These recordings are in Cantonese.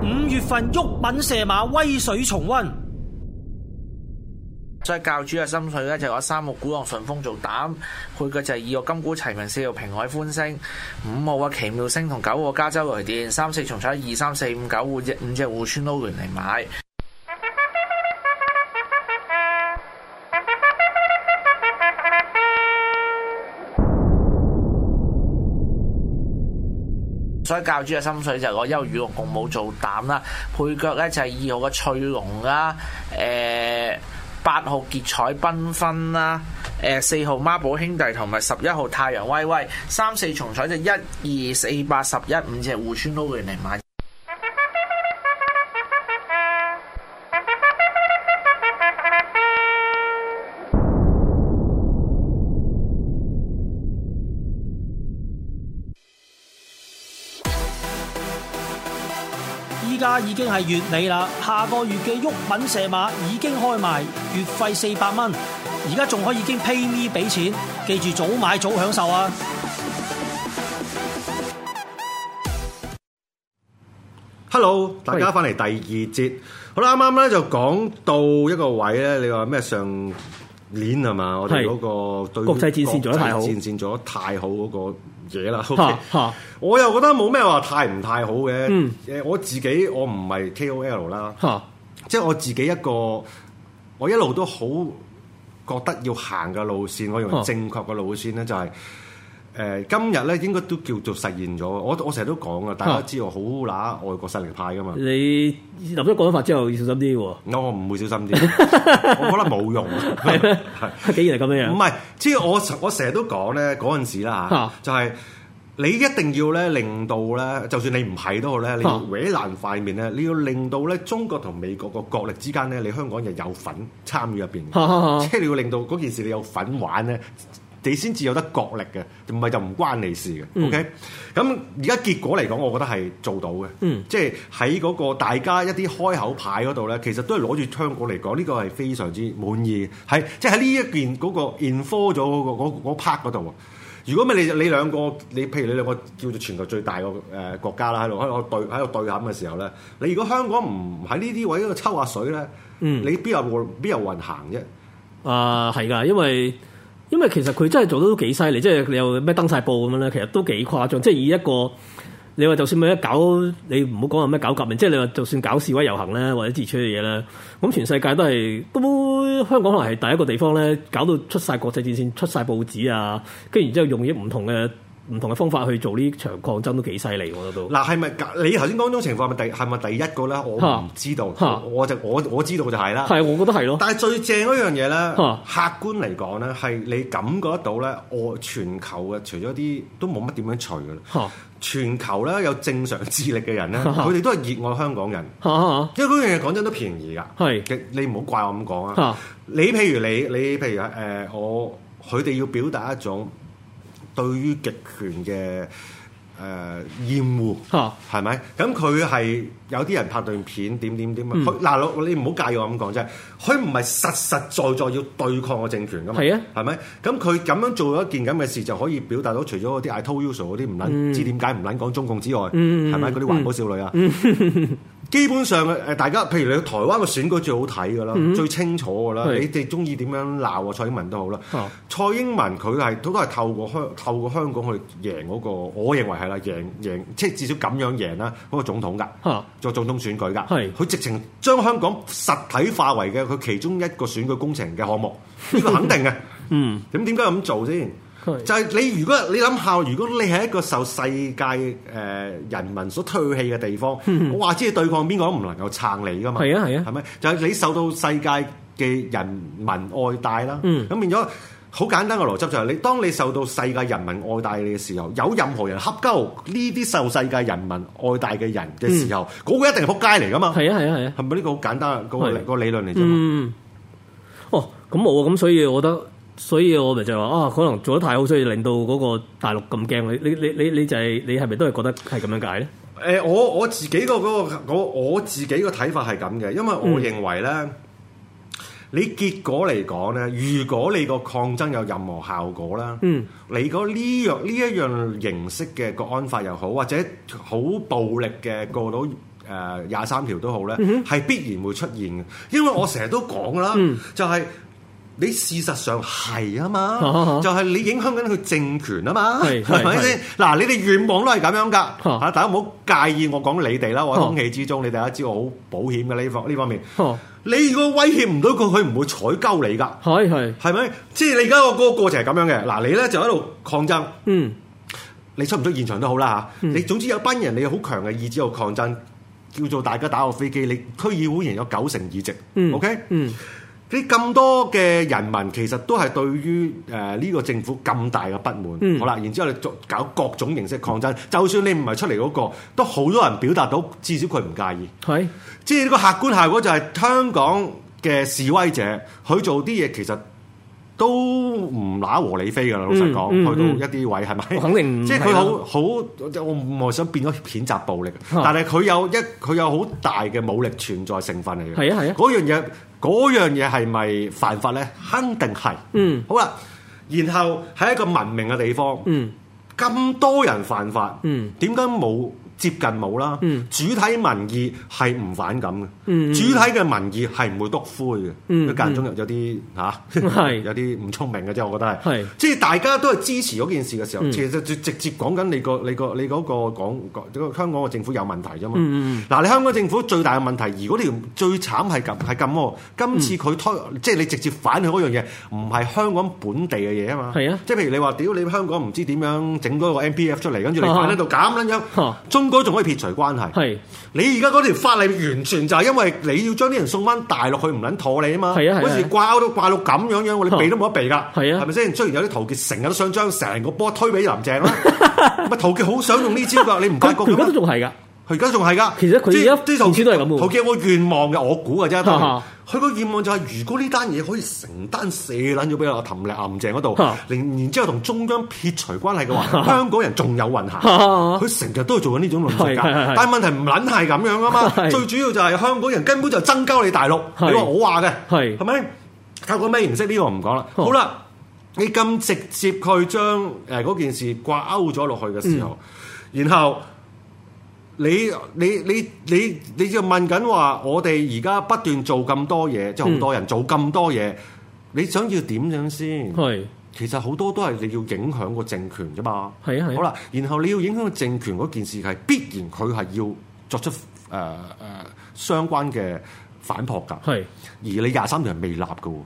五月份郁品射馬威水重溫，所以教主嘅心水咧就係三個古浪順風做膽，配嘅就係二個金古齊名，四號平海歡聲，五號嘅奇妙星同九號加州雷電，三四重彩二三四五九護只五隻護村佬嚟買。所以教主嘅心水就係我優遇個共舞做膽啦，配角咧就係二號嘅翠龍啦，誒、呃、八號結彩繽紛啦，誒、呃、四號孖寶兄弟同埋十一號太陽威威，三四重彩就一二四八十一五隻戶村窿嘅嚟買。而家已經係月尾啦，下個月嘅沃品射馬已經開賣，月費四百蚊，而家仲可以經 pay me 俾錢，記住早買早享受啊！Hello，大家翻嚟第二節，是好啦，啱啱咧就講到一個位咧，你話咩上年係嘛？是我哋嗰個對國際戰線做得太好，國際戰線做得太好嗰、那個。嘢啦， 我又覺得冇咩話太唔太好嘅。誒、嗯、我自己我唔係 KOL 啦，即係我自己一個，我一路都好覺得要行嘅路線，我認為正確嘅路線咧就係、係。啊就係誒，今日咧應該都叫做實現咗，我我成日都講噶，大家知我好揦外國勢力派噶嘛。你立咗國安法之後要小心啲喎。我唔會小心啲，我覺得冇用。既然係咁樣樣，唔係，即係我我成日都講咧嗰陣時啦嚇，就係你一定要咧令到咧，就算你唔係都好咧，你搲爛塊面咧，你要令到咧中國同美國個角力之間咧，你香港人有份參與入邊，即係你要令到嗰件事你有份玩咧。你先至有得角力嘅，唔係就唔關你事嘅、嗯，OK？咁而家結果嚟講，我覺得係做到嘅，嗯、即係喺嗰個大家一啲開口牌嗰度咧，其實都係攞住香港嚟講，呢、這個係非常之滿意，係即係喺呢一件嗰、那個 enforce 咗嗰個嗰嗰 part 嗰度。如果咪你你兩個你譬如你兩個叫做全球最大個誒、呃、國家啦，喺度喺度對喺度對撼嘅時候咧，你如果香港唔喺、嗯、呢啲位度抽下水咧，你邊有邊有運行啫？啊，係噶，因為。因為其實佢真係做得都幾犀利，即係你有咩登晒報咁樣咧，其實都幾誇張。即係以一個你話，就算咪一搞你唔好講話咩搞革命，即係你話就算搞示威遊行咧，或者自取嘅嘢咧，咁全世界都係都香港可能係第一個地方咧，搞到出晒國際戰線，出晒報紙啊，跟然之後用啲唔同嘅。唔同嘅方法去做呢場抗爭都幾犀利，我覺得都嗱，係咪你頭先講嗰種情況係咪第係咪第一個咧？我唔知道，啊啊、我，我就我我知道就係啦。係，我覺得係咯。但係最正嗰樣嘢咧，啊、客觀嚟講咧，係你感覺到咧，我全球嘅除咗啲都冇乜點樣除嘅啦。啊、全球咧有正常智力嘅人咧，佢哋、啊啊、都係熱愛香港人，啊啊啊、因為嗰樣嘢講真都便宜㗎。係是你唔好怪我咁講啊，啊。你譬如你，你譬如誒、呃，我佢哋要表達一種。對於極權嘅誒、呃、厭惡，係咪、啊？咁佢係有啲人拍段片點點點啊！嗱、嗯，你唔好介意我咁講啫，佢唔係實實在，在在要對抗個政權噶嘛，係咪是、啊？咁佢咁樣做一件咁嘅事，就可以表達到除咗嗰啲 I told you so 啲唔撚知點解唔撚講中共之外，係咪嗰啲環保少女啊？基本上誒，大家譬如你台灣嘅選舉最好睇㗎啦，mm hmm. 最清楚㗎啦。是你哋中意點樣鬧啊？蔡英文都好啦。啊、蔡英文佢係都都係透過香透過香港去贏嗰、那個，我認為係啦，贏贏即係至少咁樣贏啦，嗰、那個總統㗎，啊、做總統選舉㗎，佢是直情將香港實體化為嘅佢其中一個選舉工程嘅項目，呢個肯定嘅。 嗯，咁點解咁做先？就係你，如你想想，如果你諗下，如果你係一個受世界誒人民所唾棄嘅地方，我話知你對抗邊個都唔能夠撐你噶嘛？係啊係啊，係咪、啊？就係、是、你受到世界嘅人民愛戴啦。咁、嗯、變咗好簡單嘅邏輯就係、是、你，當你受到世界人民愛戴你嘅時候，有任何人恰鳩呢啲受世界人民愛戴嘅人嘅時候，嗰、嗯、個一定係撲街嚟噶嘛？係啊係啊係啊，係咪呢個好簡單個、那個理論嚟啫、啊嗯？哦，咁冇啊，咁所以我覺得。所以我咪就係話啊，可能做得太好，所以令到嗰個大陸咁驚。你你你你你就係、是、你係咪都係覺得係咁樣解咧？誒、呃，我我自己、那個嗰我我自己個睇法係咁嘅，因為我認為咧，嗯、你結果嚟講咧，如果你個抗爭有任何效果啦，嗯你、這個，你嗰呢樣呢一樣形式嘅國安法又好，或者好暴力嘅過到誒廿三條都好咧，係、嗯、哼 必然會出現嘅。因為我成日都講啦，嗯、就係、是。你事實上係啊嘛，就係你影響緊佢政權啊嘛，係咪先？嗱，你哋願望都係咁樣噶嚇，大家唔好介意我講你哋啦。我喺空氣之中，你大家知我好保險嘅呢方呢方面。你如果威脅唔到佢，佢唔會採鳩你噶。係係，係咪？即係你而家個嗰個過程係咁樣嘅。嗱，你咧就喺度抗爭，嗯，你出唔出現場都好啦嚇。你總之有班人你好強嘅意志度抗爭，叫做大家打個飛機。你區議會仍有九成議席，OK，嗯。啲咁多嘅人民其實都係對於誒呢個政府咁大嘅不滿，好啦，然之後你做搞各種形式抗爭，就算你唔係出嚟嗰個，都好多人表達到，至少佢唔介意。係，即係呢個客觀效果就係香港嘅示威者，佢做啲嘢其實都唔拿和理非嘅啦。老實講，去到一啲位係咪？肯定，即係佢好好，我唔係想變咗譴責暴力，但係佢有一佢有好大嘅武力存在成分嚟嘅。係啊係啊，嗰樣嘢。嗰樣嘢係咪犯法咧？肯定係。嗯，好啦，然後喺一個文明嘅地方，嗯、咁多人犯法，點解冇？接近冇啦，主體民意係唔反感嘅，主體嘅民意係唔會篤灰嘅。間、嗯、中有、啊、是 有啲吓，係有啲唔聰明嘅啫，我覺得係。即係大家都係支持嗰件事嘅時候，嗯、其實就直接講緊你、嗰個你、嗰個你嗰、嗰個香港嘅政府有問題啫嘛。嗱、嗯啊，你香港政府最大嘅問題，如果你最慘係咁，係咁，咁，咁今次佢推、嗯、即係你直接反佢嗰樣嘢，唔係香港本地嘅嘢啊嘛。係啊，即係譬如你話屌你香港唔知點樣整多個 M P F 出嚟，跟住你擺喺度減撚樣中。 應該仲可以撇除關係。係是你而家嗰條法例完全就係因為你要將啲人送翻大陸去唔捻妥你啊嘛。係啊，係啊，嗰、啊、時掛鈎都掛到咁樣樣，你避都冇得避噶。係啊，係咪先？雖然有啲陶傑成日都想將成個波推俾林鄭啦，咪 陶傑好想用呢招噶，你唔發覺佢都仲係噶。佢而家仲係噶，其實佢啲啲就以前都係咁嘅。陶傑，我願望嘅，我估嘅啫。佢個願望就係，如果呢單嘢可以承擔蛇撚咗俾我氹嚟亞唔正嗰度，然之後同中央撇除關係嘅話，香港人仲有運行。佢成日都係做緊呢種論述嘅。但係問題唔撚係咁樣啊嘛。最主要就係香港人根本就增加你大陸。你話我話嘅係係咪？透過咩形式？呢個唔講啦。好啦，你咁直接去將誒嗰件事掛鈎咗落去嘅時候，然後。你你你你你就問緊話，我哋而家不斷做咁多嘢，即係好多人做咁多嘢，嗯、你想要點樣先？係是其實好多都係你要影響個政權啫嘛。係啊，係、啊。好啦，然後你要影響個政權嗰件事係必然佢係要作出誒誒、呃呃、相關嘅反撲㗎。係、啊、而你廿三條未立嘅喎，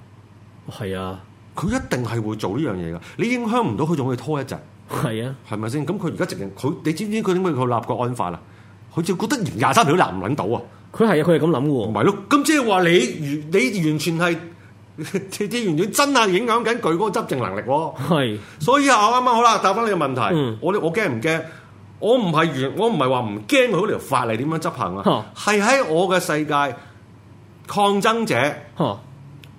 係啊，佢一定係會做呢樣嘢㗎。你影響唔到佢，仲可以拖一陣。係啊，係咪先？咁佢而家直情佢，你知唔知佢點解佢立個國安法啦？好似覺得廿三條難唔撚到啊！佢係啊，佢係咁諗喎。唔係咯，咁即係話你完，你完全係，你完全真係影響緊佢嗰個執政能力咯。是 所以啊，我啱啱好啦，答翻你個問題。嗯、我我驚唔驚？我唔係完，我唔係話唔驚佢條法例點樣執行啊。係喺哈 我嘅世界抗爭者。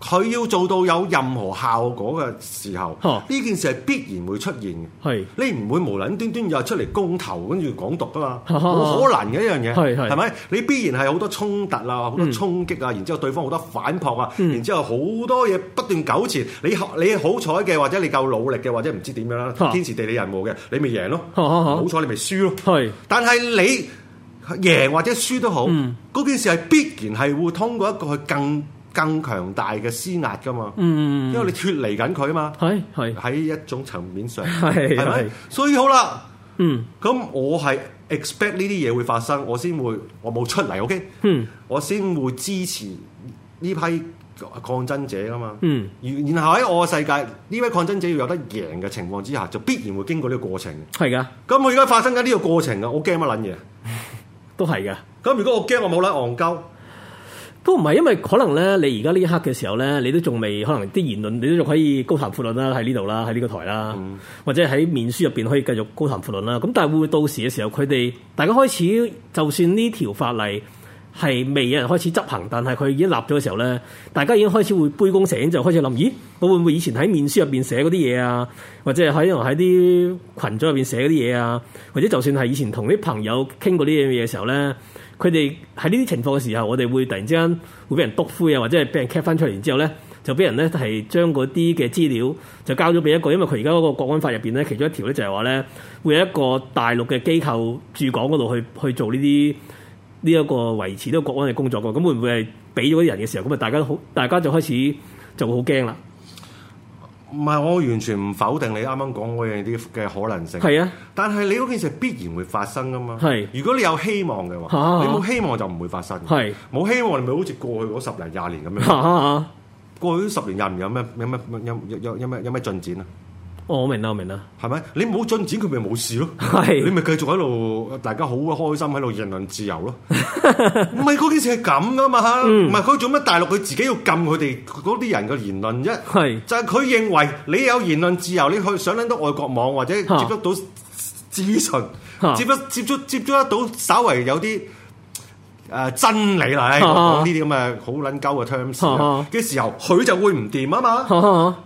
佢要做到有任何效果嘅時候，呢件事係必然會出現嘅。係你唔會無論端端又出嚟公投，跟住港獨噶嘛，冇可能嘅一樣嘢，係係咪？你必然係好多衝突啊，好多衝擊啊，然之後對方好多反撲啊，然之後好多嘢不斷糾纏。你你好彩嘅，或者你夠努力嘅，或者唔知點樣啦，天時地利人和嘅，你咪贏咯。好彩你咪輸咯。係，但係你贏或者輸都好，嗰件事係必然係會通過一個去更。更強大嘅施壓噶嘛，因為你脱離緊佢啊嘛，喺喺一種層面上，係咪？所以好啦，嗯，咁我係 expect 呢啲嘢會發生，我先會我冇出嚟，OK，嗯，我先會支持呢批抗爭者啊嘛，嗯，然然後喺我嘅世界，呢位抗爭者要有得贏嘅情況之下，就必然會經過呢個過程，係噶，咁我而家發生緊呢個過程啊，我驚乜撚嘢？都係嘅，咁如果我驚，我冇諗戇鳩。都唔係，因為可能咧，你而家呢一刻嘅時候咧，你都仲未可能啲言論，你都仲可以高談闊論啦，喺呢度啦，喺呢個台啦，嗯、或者喺面書入邊可以繼續高談闊論啦。咁但係會唔會到時嘅時候，佢哋大家開始，就算呢條法例係未有人開始執行，但係佢已經立咗嘅時候咧，大家已經開始會杯弓蛇影，就開始諗：咦，我會唔會以前喺面書入邊寫嗰啲嘢啊？或者喺喺啲群組入邊寫嗰啲嘢啊？或者就算係以前同啲朋友傾過呢樣嘢嘅時候咧？佢哋喺呢啲情況嘅時候，我哋會突然之間會俾人督灰啊，或者係俾人 cap 翻出嚟然之後咧，就俾人咧係將嗰啲嘅資料就交咗俾一個，因為佢而家嗰個國安法入邊咧，其中一條咧就係話咧會有一個大陸嘅機構駐港嗰度去去做呢啲呢一個維持呢個國安嘅工作嘅，咁會唔會係俾咗啲人嘅時候，咁啊大家好，大家就開始就會好驚啦。唔係，我完全唔否定你啱啱講嗰樣啲嘅可能性。係是啊，但係你嗰件事必然會發生㗎嘛。係，是啊、如果你有希望嘅話，是啊、你冇希望就唔會發生。係，冇希望你咪好似過去嗰十零廿年咁樣。嚇！是啊、過去十年廿年有咩有咩有有有咩有咩進展啊？哦、我明啦，我明啦，係咪？你冇進展，佢咪冇事咯。係是，你咪繼續喺度，大家好開心喺度言論自由咯。唔係嗰件事係咁㗎嘛？唔係佢做咩大陸，佢自己要禁佢哋嗰啲人嘅言論啫。係是，就係佢認為你有言論自由，你去想睇到外國網或者接觸到資訊哈，接一接觸接觸得到稍微有啲。誒真理嚟講呢啲咁嘅好撚鳩嘅 terms 嘅時候，佢就會唔掂啊嘛，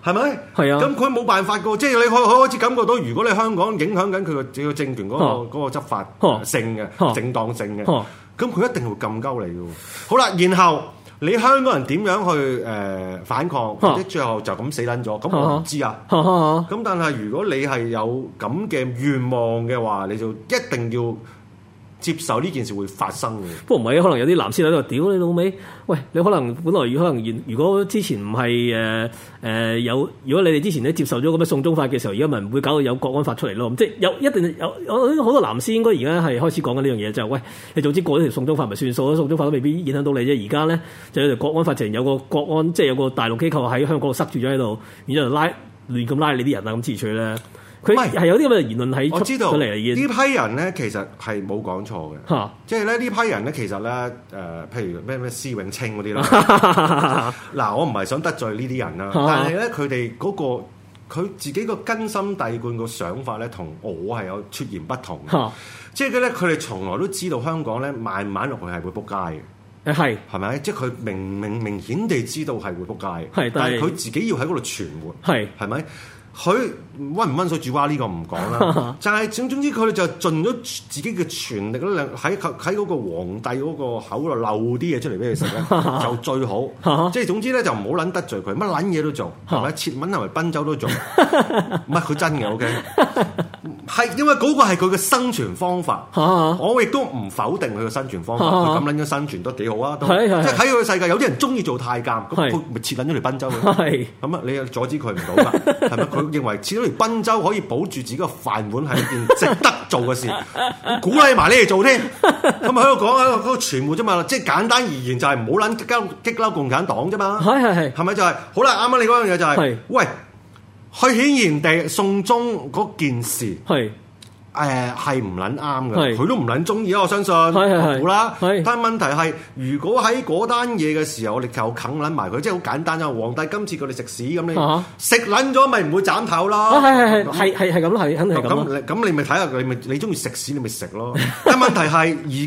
係咪？係啊。咁佢冇辦法㗎，即係你可可開始感覺到，如果你香港影響緊佢個政權嗰個嗰個執法性嘅正當性嘅，咁佢一定係會咁鳩你㗎。好啦，然後你香港人點樣去誒反抗？或者最後就咁死撚咗？咁我唔知啊。咁但係如果你係有咁嘅願望嘅話，你就一定要。接受呢件事會發生嘅，不過唔係，可能有啲藍絲喺度屌你老味。喂，你可能本來可能如果之前唔係誒誒有，如果你哋之前咧接受咗咁嘅送中法嘅時候，而家咪唔會搞到有國安法出嚟咯，即係有一定有好多藍絲應該而家係開始講緊呢樣嘢，就係、是、喂，你總之過咗條送中法咪算數，送中法都未必影響到你啫，而家咧就有條國安法，直情有個國安，即、就、係、是、有個大陸機構喺香港塞住咗喺度，然之後拉亂咁拉你啲人啊，咁自取咧。唔係係有啲咁嘅言論喺。我知道，呢批人咧，其實係冇講錯嘅，即係咧呢批人咧，其實咧誒、呃，譬如咩咩施永青嗰啲 啦。嗱，我唔係想得罪哈呢啲人啦，但係咧佢哋嗰個佢自己個根深蒂固個想法咧，同我係有出現不同嘅。即係咧，佢哋從來都知道香港咧，慢慢落去係會撲街嘅。係係咪？即係佢明明明顯地知道係會撲街，但係佢自己要喺嗰度存活，係係咪？佢。溫唔溫水煮蛙呢個唔講啦，就係總總之佢哋就盡咗自己嘅全力喺喺嗰個皇帝嗰個口度漏啲嘢出嚟俾佢食咧，就最好。即係總之咧就唔好捻得罪佢，乜捻嘢都做，係咪？切撚，係咪？賓周都做，唔係佢真嘅。O K，係因為嗰個係佢嘅生存方法。我亦都唔否定佢嘅生存方法，佢咁捻咗生存都幾好啊！即係喺佢個世界有啲人中意做太監咁，咪切捻咗嚟賓周。咁啊，你又阻止佢唔到，係咪？佢認為，濱州可以保住自己個飯碗係一件值得做嘅事，鼓勵埋你哋做添。咁啊喺度講喺度，嗰，全部啫嘛，即係簡單而言就係唔好諗激嬲共產黨啫嘛。係係係，係咪就係？好啦，啱啱你講樣嘢就係，喂，佢顯然地送中嗰件事係。誒係唔撚啱嘅，佢都唔撚中意啊！我相信係係係，好啦，但係問題係，如果喺嗰單嘢嘅時候，我哋就啃撚埋佢，即係好簡單啊！皇帝今次佢哋食屎咁，你食撚咗咪唔會斬頭啦？係係係係係咁，係肯定咁。咁你咪睇下，你咪你中意食屎你咪食咯。但問題係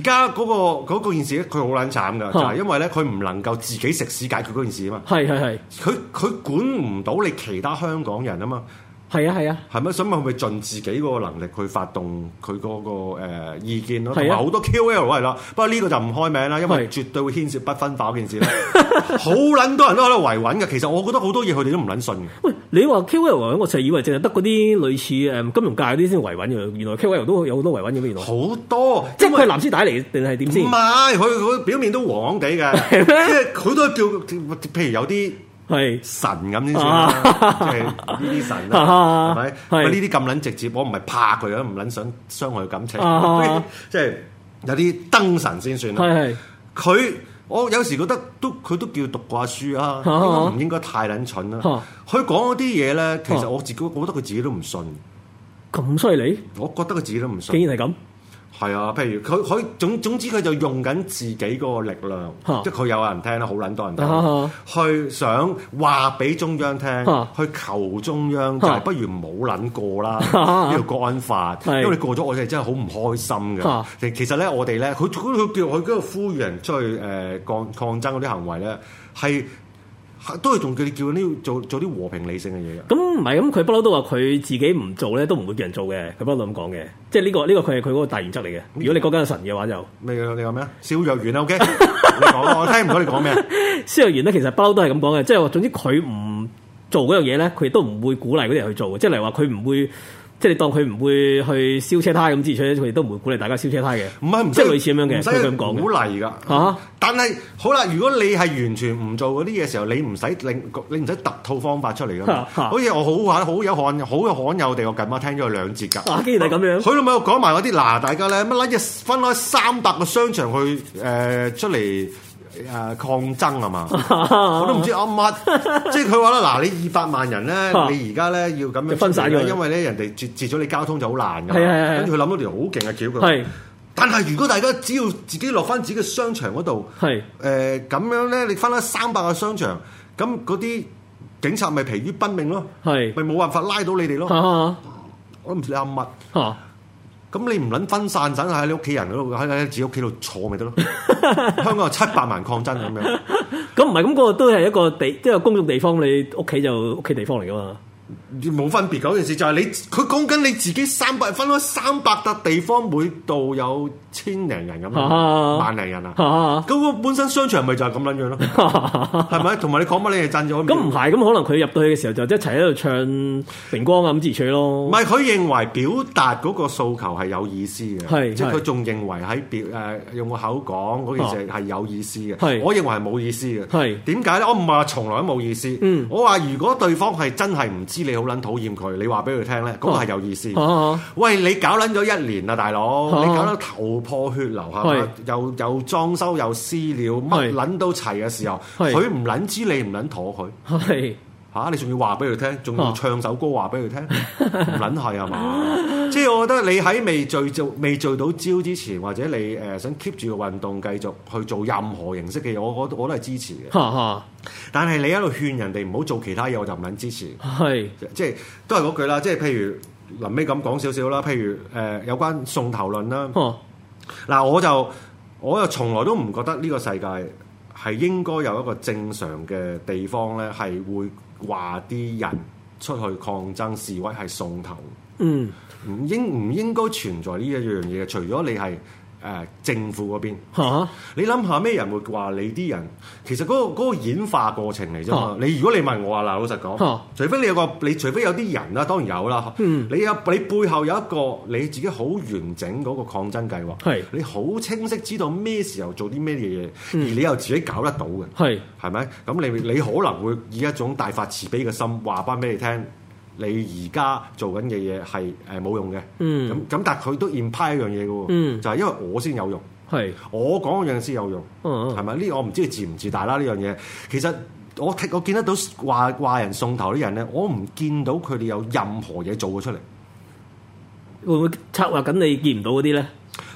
而家嗰個件事，佢好撚慘嘅，就係因為咧佢唔能夠自己食屎解決嗰件事啊嘛。係係係，佢佢管唔到你其他香港人啊嘛。係啊係啊，係咪、啊、想問佢咪盡自己個能力去發動佢嗰、那個誒、呃、意見咯，同埋好多 QL 係啦。不過呢個就唔開名啦，因為絕對會牽涉不分化嗰件事咧。好撚、啊、多人都喺度維穩嘅，其實我覺得好多嘢佢哋都唔撚信嘅。喂，你話 QL 我成日以為淨係得嗰啲類似誒金融界嗰啲先維穩嘅，原來 QL 都有好多維穩嘅咩？原來好多，為即係佢係藍絲帶嚟定係點先？唔係，佢佢表面都黃黃地嘅，即係好多叫譬如有啲。係神咁先算啦，即係呢啲神啦，係咪？佢呢啲咁撚直接，我唔係怕佢啊，唔撚想傷害佢感情，即係有啲燈神先算啦。佢我有時覺得都佢都叫讀過書啊，應唔應該太撚蠢啦？佢講嗰啲嘢咧，其實我自己我覺得佢自己都唔信，咁犀利？我覺得佢自己都唔信。既然係咁。係啊，譬如佢佢總總之佢就用緊自己嗰個力量，啊、即係佢有人聽啦，好撚多人聽，去、啊啊、想話俾中央聽，啊、去求中央、啊、就係不如唔好撚過啦呢條、啊、 國安法，的因為你過咗我哋真係好唔開心嘅。啊、其實咧，我哋咧，佢嗰個叫佢嗰個呼籲人出去誒抗、呃、抗爭嗰啲行為咧係。都係仲叫叫呢做做啲和平理性嘅嘢嘅。咁唔係，咁佢不嬲都話佢自己唔做咧，都唔會叫人做嘅。佢不嬲咁講嘅，即係呢、呢個呢、呢個佢係佢嗰個大原則嚟嘅。那如果你講緊神嘅話就，就咩啊？你話咩啊？肖若元 o、okay? k 你講我聽唔到你講咩。肖 若元咧，其實不嬲都係咁講嘅，即係話總之佢唔做嗰樣嘢咧，佢亦都唔會鼓勵嗰啲人去做嘅。即係例如話，佢唔會。即係你當佢唔會去燒車胎咁，之類咧，佢亦都唔會鼓勵大家燒車胎嘅。唔係，唔即係類似咁樣嘅，佢佢咁講嘅。鼓勵㗎嚇！啊、但係好啦，如果你係完全唔做嗰啲嘢嘅時候，你唔使令，你唔使突套方法出嚟㗎、啊、好似我好話好有罕，好有罕有地，我近排聽咗兩節㗎。啊，原來咁樣。好啦，咪講埋嗰啲嗱，大家咧乜撚嘢分開三百個商場去誒、呃、出嚟。誒抗爭啊嘛，我都唔知啱乜，即係佢話啦，嗱你二百萬人咧，你而家咧要咁樣分散，因為咧人哋截截咗你交通就好難嘅。係係跟住佢諗到條好勁嘅橋佢，係。但係如果大家只要自己落翻自己嘅商場嗰度，係誒咁樣咧，你翻翻三百個商場，咁嗰啲警察咪疲於奔命咯，係，咪冇辦法拉到你哋咯，我都唔知你啱乜。咁你唔撚分散陣喺、即係、你屋企人喺自己屋企度坐咪得咯？ 香港有七百萬抗爭咁樣， 咁唔係咁嗰個都係一個地，即係公眾地方，你屋企就屋企地方嚟㗎嘛。冇分別嗰件事，就係、是、你佢講緊你自己三百分開三百笪地方，每度有千零人咁，啊、哈哈萬零人啊！咁個本身商場咪就係咁撚樣咯，係咪、啊？同埋你講乜你係震咗？咁唔係，咁、啊、可能佢入到去嘅時候就一齊喺度唱平光咁自取咯。唔係，佢認為表達嗰個訴求係有意思嘅，即係佢仲認為喺別誒、呃、用個口講嗰件事係有意思嘅。是我認為係冇意思嘅。係點解咧？我唔係話從來都冇意思。嗯、我話如果對方係真係唔知。知你好撚討厭佢，你話俾佢聽咧，嗰個係有意思。啊啊、喂，你搞撚咗一年啦，大佬，啊、你搞到頭破血流嚇、啊、又又裝修又私了，乜撚是都齊嘅時候，佢唔撚知你唔撚妥佢。嚇、啊！你仲要話俾佢聽，仲要唱首歌話俾佢聽，唔撚係啊嘛！ 即係我覺得你喺未聚就未聚到朝之前，或者你誒想 keep 住個運動，繼續去做任何形式嘅嘢，我我我都係支持嘅。 但係你喺度勸人哋唔好做其他嘢，我就唔撚支持。係 即係都係嗰句啦！即係譬如臨尾咁講少少啦，譬如誒、呃、有關送頭論啦。嗱， 我就我又從來都唔覺得呢個世界係應該有一個正常嘅地方咧，係會。話啲人出去抗爭示威係送頭，嗯，唔應唔應該存在呢一樣嘢，除咗你係。誒政府嗰邊，啊、你諗下咩人會話你啲人？其實嗰、嗰個嗰個演化過程嚟啫嘛。啊、你如果你問我話嗱，老實講，啊、除非你有個，你除非有啲人啦，當然有啦。嗯、你有你背後有一個你自己好完整嗰個抗爭計劃，是你好清晰知道咩時候做啲咩嘢嘢，而你又自己搞得到嘅，係係咪？咁是你你可能會以一種大發慈悲嘅心話翻俾你聽。你而家做緊嘅嘢係誒冇用嘅，咁咁、嗯、但係佢都 impact 一樣嘢嘅喎，嗯、就係因為我先有用，係、我講嗰樣先有用，係咪、哦哦？呢個我唔知你自唔自大啦，呢樣嘢其實我我見得到話話人送頭啲人咧，我唔見到佢哋有任何嘢做咗出嚟，會唔會策劃緊你見唔到嗰啲咧？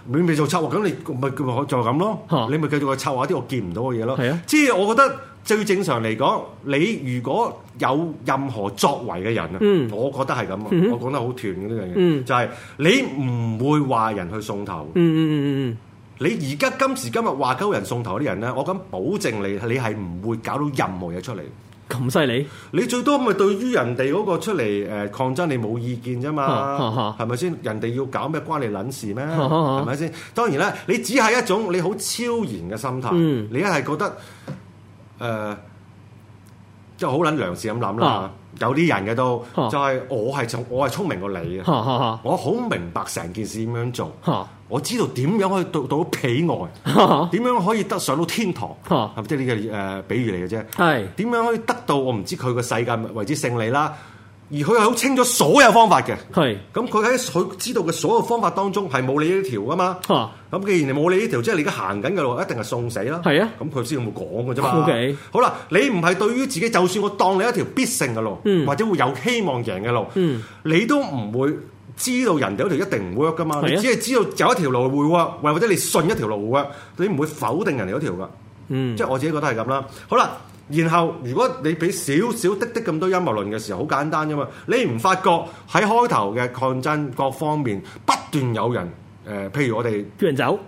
未未做策劃緊，你咪就係咁咯，啊、你咪繼續去策劃啲我見唔到嘅嘢咯。係啊、嗯，即係我覺得。最正常嚟講，你如果有任何作為嘅人啊，我覺得係咁啊，我講得好斷嘅呢樣嘢，就係你唔會話人去送頭。嗯嗯嗯嗯嗯，你而家今時今日話鳩人送頭啲人咧，我敢保證你，你係唔會搞到任何嘢出嚟。咁犀利？你最多咪對於人哋嗰個出嚟誒抗爭，你冇意見啫嘛？係咪先？人哋要搞咩關你撚事咩？係咪先？當然啦，你只係一種你好超然嘅心態。你一係覺得。誒，即係好撚良善咁諗啦，啊、有啲人嘅都，啊、就係我係我係聰明過你嘅，啊啊、我好明白成件事點樣做，啊、我知道點樣可以到到彼岸，點、啊、樣可以得上到天堂，即係呢個誒比喻嚟嘅啫？係點是樣可以得到我唔知佢個世界為之勝利啦？而佢係好清楚所有方法嘅是的、嗯，係咁佢喺佢知道嘅所有方法當中係冇你呢條噶嘛，咁、嗯、既然你冇你呢條，即、就、係、是、你而家行緊嘅路，一定係送死啦，係啊的，咁佢先會講嘅啫嘛。Okay 好嘅，好啦，你唔係對於自己，就算我當你一條必勝嘅路，嗯、或者會有希望贏嘅路，嗯、你都唔會知道人哋嗰條一定唔 work 噶嘛，的你只係知道有一條路會 work，或者你信一條路會 work，你唔會否定人哋嗰條噶，嗯、即係我自己覺得係咁啦。好啦。然後，如果你俾少少滴滴咁多陰謀論嘅時候，好簡單啫嘛。你唔發覺喺開頭嘅抗爭各方面不斷有人誒，譬如我哋叫人走，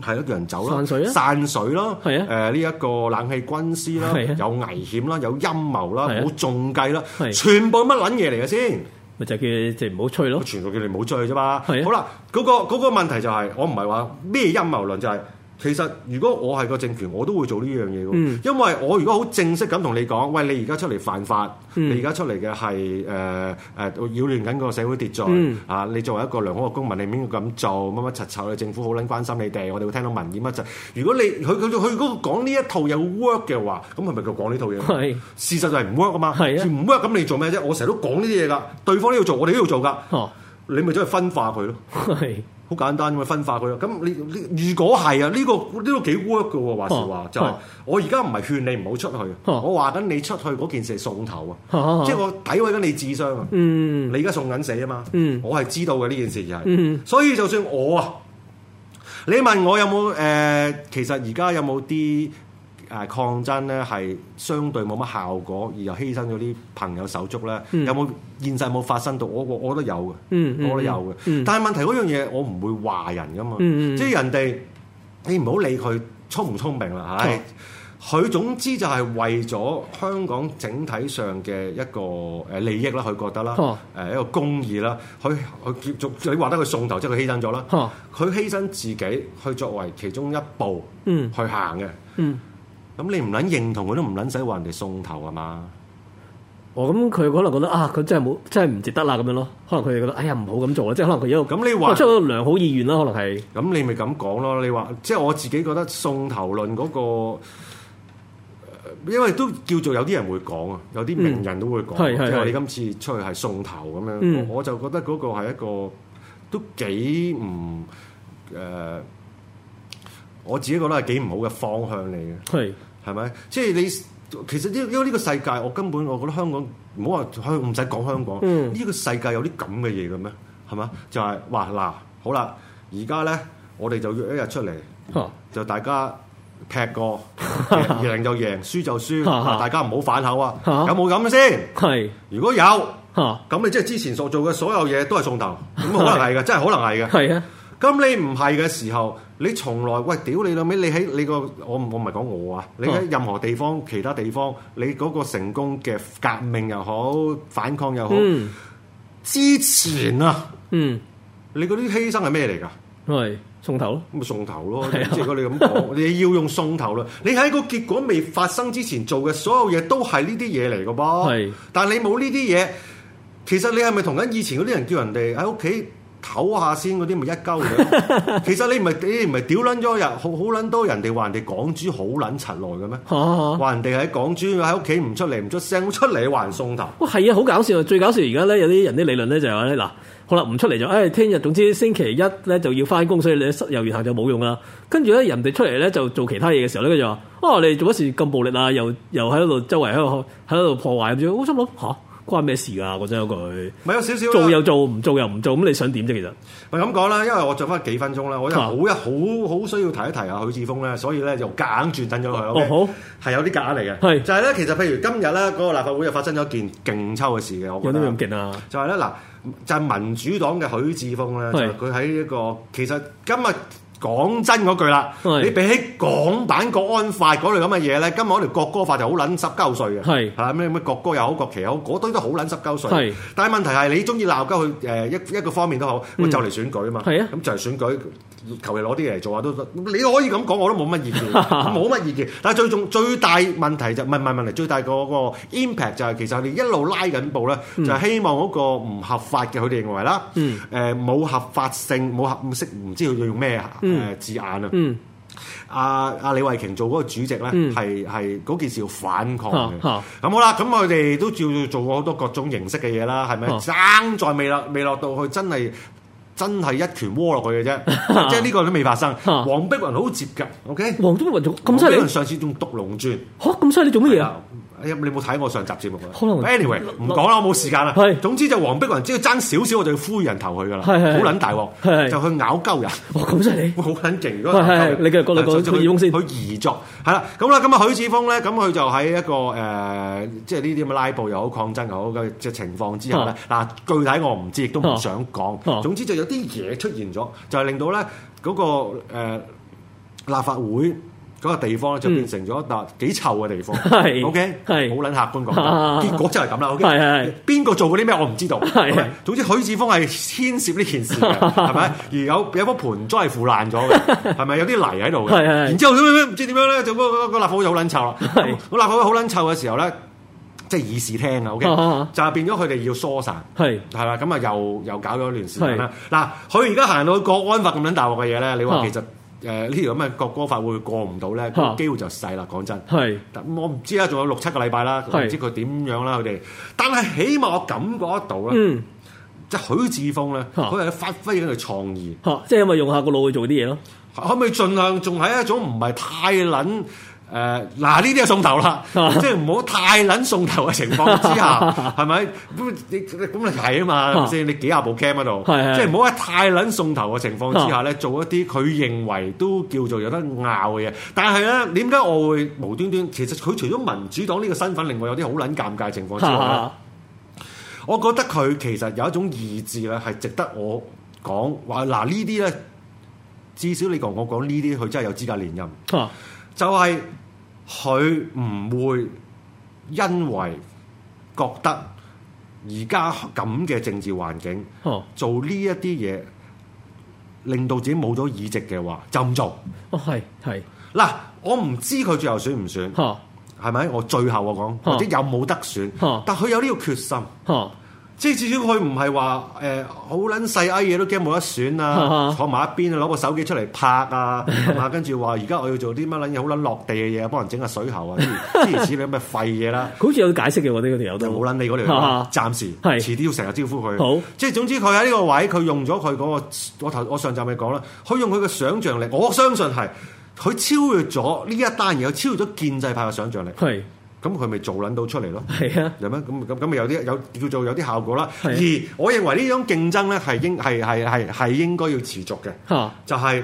係咯，叫人走啦，散水啊，散水咯，係啊，誒呢一個冷氣軍師啦，有危險啦，有陰謀啦，冇中計啦，全部乜撚嘢嚟嘅先？咪就叫你即係唔好吹咯，全部叫你唔好追啫嘛。好啦，嗰個嗰個問題就係我唔係話咩陰謀論，就係。其實，如果我係個政權，我都會做呢樣嘢。因為我如果好正式咁同你講，喂，你而家出嚟犯法，嗯、你而家出嚟嘅係誒誒擾亂緊個社會秩序、嗯、啊！你作為一個良好嘅公民，你唔應該咁做。乜乜柒丑嘅政府好撚關心你哋，我哋會聽到民意乜柒。如果你佢佢佢嗰個講呢一套又 work 嘅話，咁係咪佢講呢套嘢？係是 事實就係唔 work 噶嘛，唔是、啊、work 咁你做咩啫？我成日都講呢啲嘢噶，對方都要做，我哋都要做噶。你咪走去分化佢咯。好簡單咁，這個這個這個，啊，分化佢咯。咁你如果係啊，呢個呢個幾 work 噶喎，話是話就係我而家唔係勸你唔好出去，啊，我話緊你出去嗰件事送頭啊，啊即係我詆毀緊你智商啊。嗯，你而家送緊死啊嘛。嗯，我係知道嘅呢件事就係，嗯，所以就算我啊，你問我有冇誒、呃，其實而家有冇啲？誒抗爭咧係相對冇乜效果，而又犧牲咗啲朋友手足咧，嗯、有冇現實冇發生到？我我我覺得有嘅，我都有嘅。但係問題嗰樣嘢，我唔會話人噶嘛，嗯嗯、即係人哋你唔好理佢聰唔聰明啦，係佢、啊、總之就係為咗香港整體上嘅一個誒利益啦，佢覺得啦，誒、啊呃、一個公義啦，佢佢接觸你話得佢送頭，即係佢犧牲咗啦，佢、啊啊、犧牲自己去作為其中一步去行嘅。嗯嗯咁你唔捻認同佢都唔捻使話人哋送頭吖嘛？哦，咁佢可能覺得啊，佢真係冇，真係唔值得啦咁樣咯。可能佢哋覺得，哎呀，唔好咁做，啊。即係可能佢一度。咁你話出個良好意願咯，可能係。咁你咪咁講咯？你話即係我自己覺得送頭論嗰、那個，因為都叫做有啲人會講啊，有啲名人都會講，嗯、即係你今次出去係送頭咁樣。嗯、我就覺得嗰個係一個都幾唔誒。呃我自己覺得係幾唔好嘅方向嚟嘅，係係咪？即係你其實因因為呢個世界，我根本我覺得香港唔好話香，唔使講香港。呢個世界有啲咁嘅嘢嘅咩？係嘛？就係話嗱，好啦，而家咧，我哋就約一日出嚟，就大家劈過贏就贏，輸就輸，大家唔好反口啊！有冇咁先？係如果有，咁你即係之前所做嘅所有嘢都係送頭，咁可能係嘅，真係可能係嘅，係啊。咁你唔係嘅時候，你從來喂屌你老味。你喺你個我我唔係講我啊，你喺任何地方其他地方，你嗰個成功嘅革命又好，反抗又好，嗯、之前啊，嗯、你嗰啲犧牲係咩嚟噶？係送，送頭咯，咁咪送頭咯，即係如果你咁講，你要用送頭啦。你喺個結果未發生之前做嘅所有嘢都係呢啲嘢嚟噶噃。係是，但你冇呢啲嘢，其實你係咪同緊以前嗰啲人叫人哋喺屋企？唞下先嗰啲咪一鳩嘢， 其實你唔係你唔係屌撚咗人，好好撚多人哋話人哋港豬好撚沉來嘅咩？話、啊啊、人哋喺港豬喺屋企唔出嚟唔出，出聲，出嚟話送頭。哇、哦，係啊，好搞笑啊！最搞笑而家咧有啲人啲理論咧就係話咧嗱，好啦，唔出嚟就誒聽日，總之星期一咧就要返工，所以你失遊完行就冇用啦。跟住咧人哋出嚟咧就做其他嘢嘅時候咧，佢就話：哦、啊，你做乜事咁暴力啊，又又喺度周圍喺度喺度破壞，咁知我心諗吓。啊關咩事啊？我想句，咪有少少做又做，唔做又唔做，咁你想點啫？其實咪咁講啦，因為我着翻幾分鐘啦，我一好一好好需要提一提啊，許智峰咧，所以咧就夾硬轉等咗佢。哦，okay? 哦，好係有啲假嚟嘅。係是就係咧，其實譬如今日咧，嗰、那個立法會又發生咗件勁抽嘅事嘅，我覺得有啲咁勁啊！就係咧嗱，就係、是、民主黨嘅許智峰咧，佢、就、喺、是、一個是其實今日。今講真嗰句啦，你比起港版國安法嗰類咁嘅嘢咧，今日嗰條國歌法就好撚濕鳩碎嘅，係嚇咩咩國歌又好國旗又好，嗰堆都好撚濕鳩碎。係，但係問題係你中意鬧交佢誒一一個方面都好，咪就嚟選舉吖嘛，係啊，咁就嚟選舉，求其攞啲嘢嚟做下都得，你我可以咁講，我都冇乜意見，冇乜意見。但係最重最大問題就唔係唔係問題，最大嗰個 impact 就係其實佢哋一路拉緊步咧，就希望嗰個唔合法嘅佢哋認為啦，嗯，誒冇合法性冇合唔識唔知佢用咩嚇。誒，字眼、嗯、啊！嗯，阿阿李慧瓊做嗰個主席咧，係係嗰件事要反抗嘅。咁、啊啊、好啦，咁佢哋都照做過好多各種形式嘅嘢啦，係咪？爭、啊、在未落，未落到去，真係。真係一拳窩落去嘅啫，即係呢個都未發生。黃碧雲好接㗎，OK？黃碧雲咁犀利，上次仲毒龍尊？咁犀利做乜嘢啊？你冇睇我上集節目啊？Anyway，唔講啦，我冇時間啦。係，總之就黃碧雲只要爭少少，我就要敷人頭去㗎啦，好撚大鑊，就去咬鳩人。咁犀利，好撚勁！你嘅哥，你講講葉翁先，佢移作係啦。咁啦，咁啊許智峯咧，咁佢就喺一個誒，即係呢啲咁嘅拉布又好抗爭又好嘅情況之下咧，嗱，具體我唔知，亦都唔想講。總之就。啲嘢出現咗，就係、是、令到咧、那、嗰個、呃、立法會嗰個地方咧，就變成咗一笪幾臭嘅地方。係、嗯、OK，係好撚客觀講，啊、結果就係咁啦。OK，係係，邊個做嗰啲咩？我唔知道。係是，總之許智峰係牽涉呢件事嘅，係咪啊？而有有樖盆栽腐爛咗嘅，係咪啊、有啲泥喺度嘅？係然之後點點唔知點樣咧，就個個立法會就好撚臭啦。係，個立法會好撚臭嘅時候咧。即係耳視聽啊，OK，就係變咗佢哋要疏散，係係啦，咁啊又又搞咗一段時間啦。嗱，佢而家行到去國安法咁樣大鑊嘅嘢咧，你話其實誒呢條咁嘅國歌法會過唔到咧，個機會就細啦。講真，係我唔知啊，仲有六七個禮拜啦，唔知佢點樣啦佢哋。但係起碼我感覺得到咧，即係許智峰咧，佢係發揮緊佢創意，即係咪用下個腦去做啲嘢咯？可唔可以盡量仲係一種唔係太撚？誒嗱，呢啲係送頭啦，即係唔好太撚送頭嘅情況之下，係咪？咁你咁嚟睇啊嘛，係咪先？你幾廿部 cam 喺度，即係唔好喺太撚送頭嘅情況之下咧，做一啲佢認為都叫做有得拗嘅嘢。但係咧，點解我會無端端？其實佢除咗民主黨呢個身份，另外有啲好撚尷尬嘅情況之外，我覺得佢其實有一種意志咧，係值得我講話。嗱，呢啲咧，至少你同我講呢啲，佢真係有資格連任，就係。佢唔會因為覺得而家咁嘅政治環境，啊、做呢一啲嘢，令到自己冇咗議席嘅話，就唔做。哦，係係。嗱，我唔知佢最後選唔選。嚇、啊，係咪？我最後我講，或者有冇得選。啊、但佢有呢個決心。啊即係至少佢唔係話誒好撚細哎嘢都驚冇得選啊，哈哈坐埋一邊啊，攞個手機出嚟拍啊，係跟住話而家我要做啲乜撚嘢，好撚落地嘅嘢，幫人整下水喉啊，諸如此類咁嘅廢嘢啦。好似有解釋嘅我呢個條友都冇撚理嗰條，暫時係遲啲要成日招呼佢。好，即係總之佢喺呢個位，佢用咗佢嗰個我頭我上集咪講啦，佢用佢嘅想象力，我相信係佢超越咗呢一單嘢，佢超越咗建制派嘅想象力。係係。咁佢咪做撚到出嚟咯？係是啊有，係咩咁咁咁咪有啲有叫做有啲效果啦。是啊、而我認為呢種競爭咧係應係係係係應該要持續嘅。啊、就係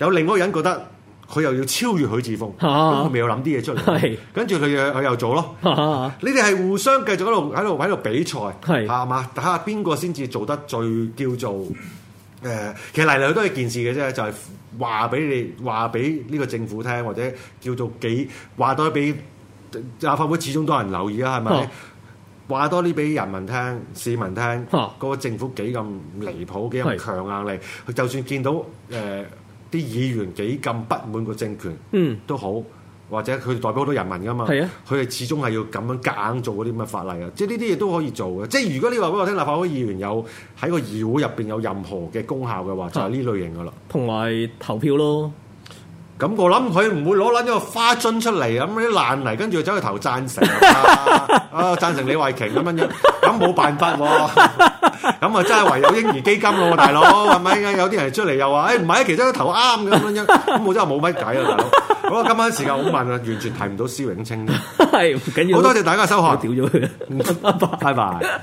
有另外一個人覺得佢又要超越許智峯，咁佢咪要諗啲嘢出嚟，跟住佢佢又做咯。啊、你哋係互相繼續喺度喺度喺度比賽，係嚇嘛？睇下邊個先至做得最叫做誒、呃，其實嚟嚟去都係一件事嘅啫，就係話俾你話俾呢個政府聽，或者叫做幾話到俾。立法會始終都有人留意是是啊，係咪？話多啲俾人民聽、市民聽，個、啊、政府幾咁離譜、幾咁強硬力。佢是的 就算見到誒啲、呃、議員幾咁不滿個政權，嗯，都好，或者佢代表好多人民噶嘛，係啊的，佢哋始終係要咁樣夾硬做嗰啲咁嘅法例啊！即係呢啲嘢都可以做嘅。即係如果你話俾我聽，立法會議員有喺個議會入邊有任何嘅功效嘅話，嗯、就係呢類型噶啦，同埋投票咯。咁我諗佢唔會攞撚咗個花樽出嚟咁啲爛泥，跟住走去投贊成 啊！啊，贊成李慧瓊咁樣樣，咁冇辦法喎！咁啊，真係唯有嬰兒基金咯，大佬係咪？有啲人出嚟又話誒，唔係其中一頭啱嘅咁樣，咁我真係冇乜計啊，大佬。好我、欸、 今晚時間好慢啊，完全提唔到施永青，係唔緊要，緊好多謝大家收看，掉咗佢， 拜拜。